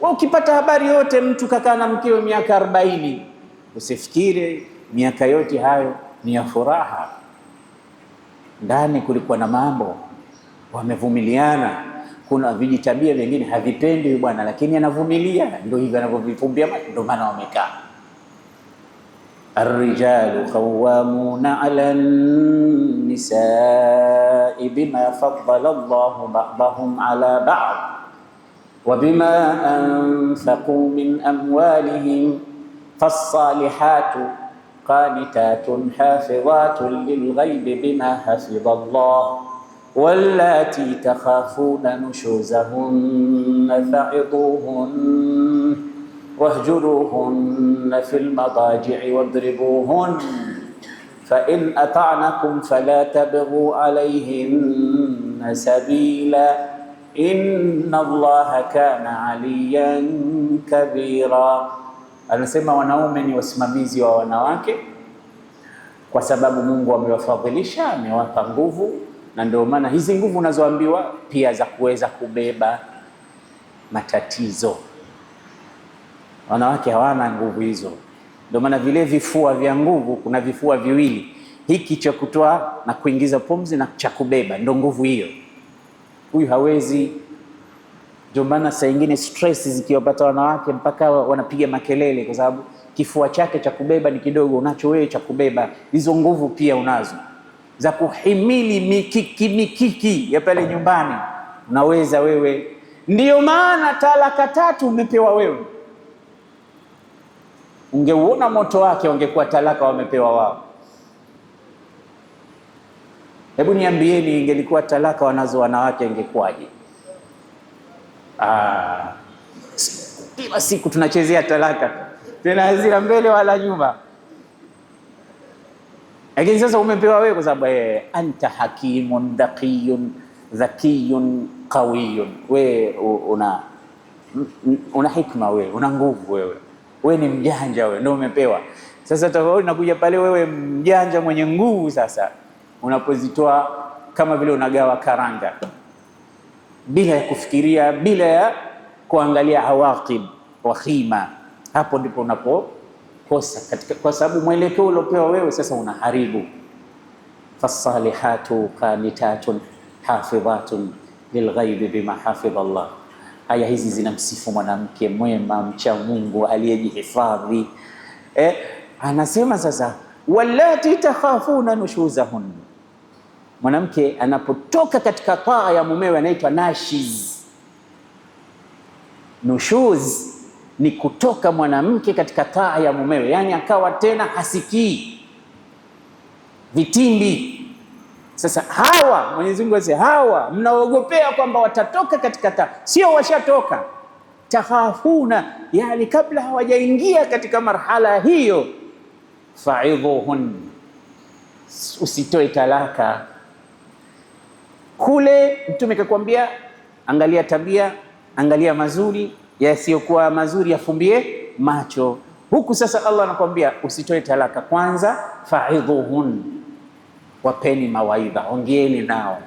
Wewe ukipata habari yote mtu kakaa na mkeo miaka arobaini, usifikire miaka yote hayo ni ya furaha. Ndani kulikuwa na mambo, wamevumiliana. Kuna vijitabia vingine havipendi bwana, lakini anavumilia, ndio hivyo anavyovifumbia macho, ndio maana wamekaa. Arrijalu qawwamuna ala nisai bima faddala Allahu ba'dahum ala ba'd وبما أنفقوا من أموالهم فالصالحات قانتات حافظات للغيب بما حفظ الله واللاتي تخافون نشوزهن فعظوهن واهجروهن في المضاجع واضربوهن فإن أطعنكم فلا تبغوا عليهن سبيلاً inna Allaha kana aliyan kabira, anasema wanaume ni wasimamizi wa wanawake kwa sababu Mungu amewafadhilisha, amewapa nguvu, na ndio maana hizi nguvu unazoambiwa pia za kuweza kubeba matatizo. Wanawake hawana nguvu hizo, ndio maana vile vifua vya nguvu, kuna vifua viwili, hiki cha kutoa na kuingiza pumzi na cha kubeba, ndio nguvu hiyo huyu hawezi. Ndio maana saa nyingine stress zikiwapata wanawake mpaka wanapiga makelele, kwa sababu kifua chake cha kubeba ni kidogo, unacho wewe cha kubeba, hizo nguvu pia unazo za kuhimili mikiki mikiki ya pale nyumbani, unaweza wewe. Ndiyo maana talaka tatu umepewa wewe. Ungeuona moto wake, ungekuwa talaka wamepewa wao. Hebu niambieni, ingelikuwa talaka wanazo wanawake ingekuwaje? Ah, kila siku tunachezea talaka tena hazira mbele wala nyuma, lakini sasa umepewa wewe, kwa sababu eh, anta hakimun dhakiyun dhakiyun qawiyun, we una una hikma wewe, una nguvu wewe, we ni mjanja wewe, ndio umepewa. Sasa tofauti nakuja pale, wewe mjanja mwenye nguvu sasa unapozitoa kama vile unagawa karanga, bila ya kufikiria, bila ya kuangalia hawaqib wa khima. Hapo ndipo unapokosa katika, kwa sababu mwelekeo uliopewa wewe sasa unaharibu. Fasalihatu qanitatun hafidhatun lilghaibi bima hafidha Allah. Aya hizi zinamsifu mwanamke mwema mcha Mungu aliyejihifadhi. Eh, anasema sasa, wallati takhafuna nushuzahunna mwanamke anapotoka katika taa ya mumewe anaitwa nashiz. Nushuz ni kutoka mwanamke katika taa ya mumewe, yaani akawa tena hasikii vitimbi. Sasa hawa Mwenyezi Mungu asema hawa mnaogopea kwamba watatoka katika taa, sio washatoka takhafuna, yani kabla hawajaingia katika marhala hiyo, faidhuhun, usitoe talaka kule Mtume kakwambia, angalia tabia, angalia mazuri, yasiyokuwa mazuri yafumbie macho. Huku sasa Allah anakuambia usitoe talaka, kwanza faidhuhun, wapeni mawaidha, ongeeni nao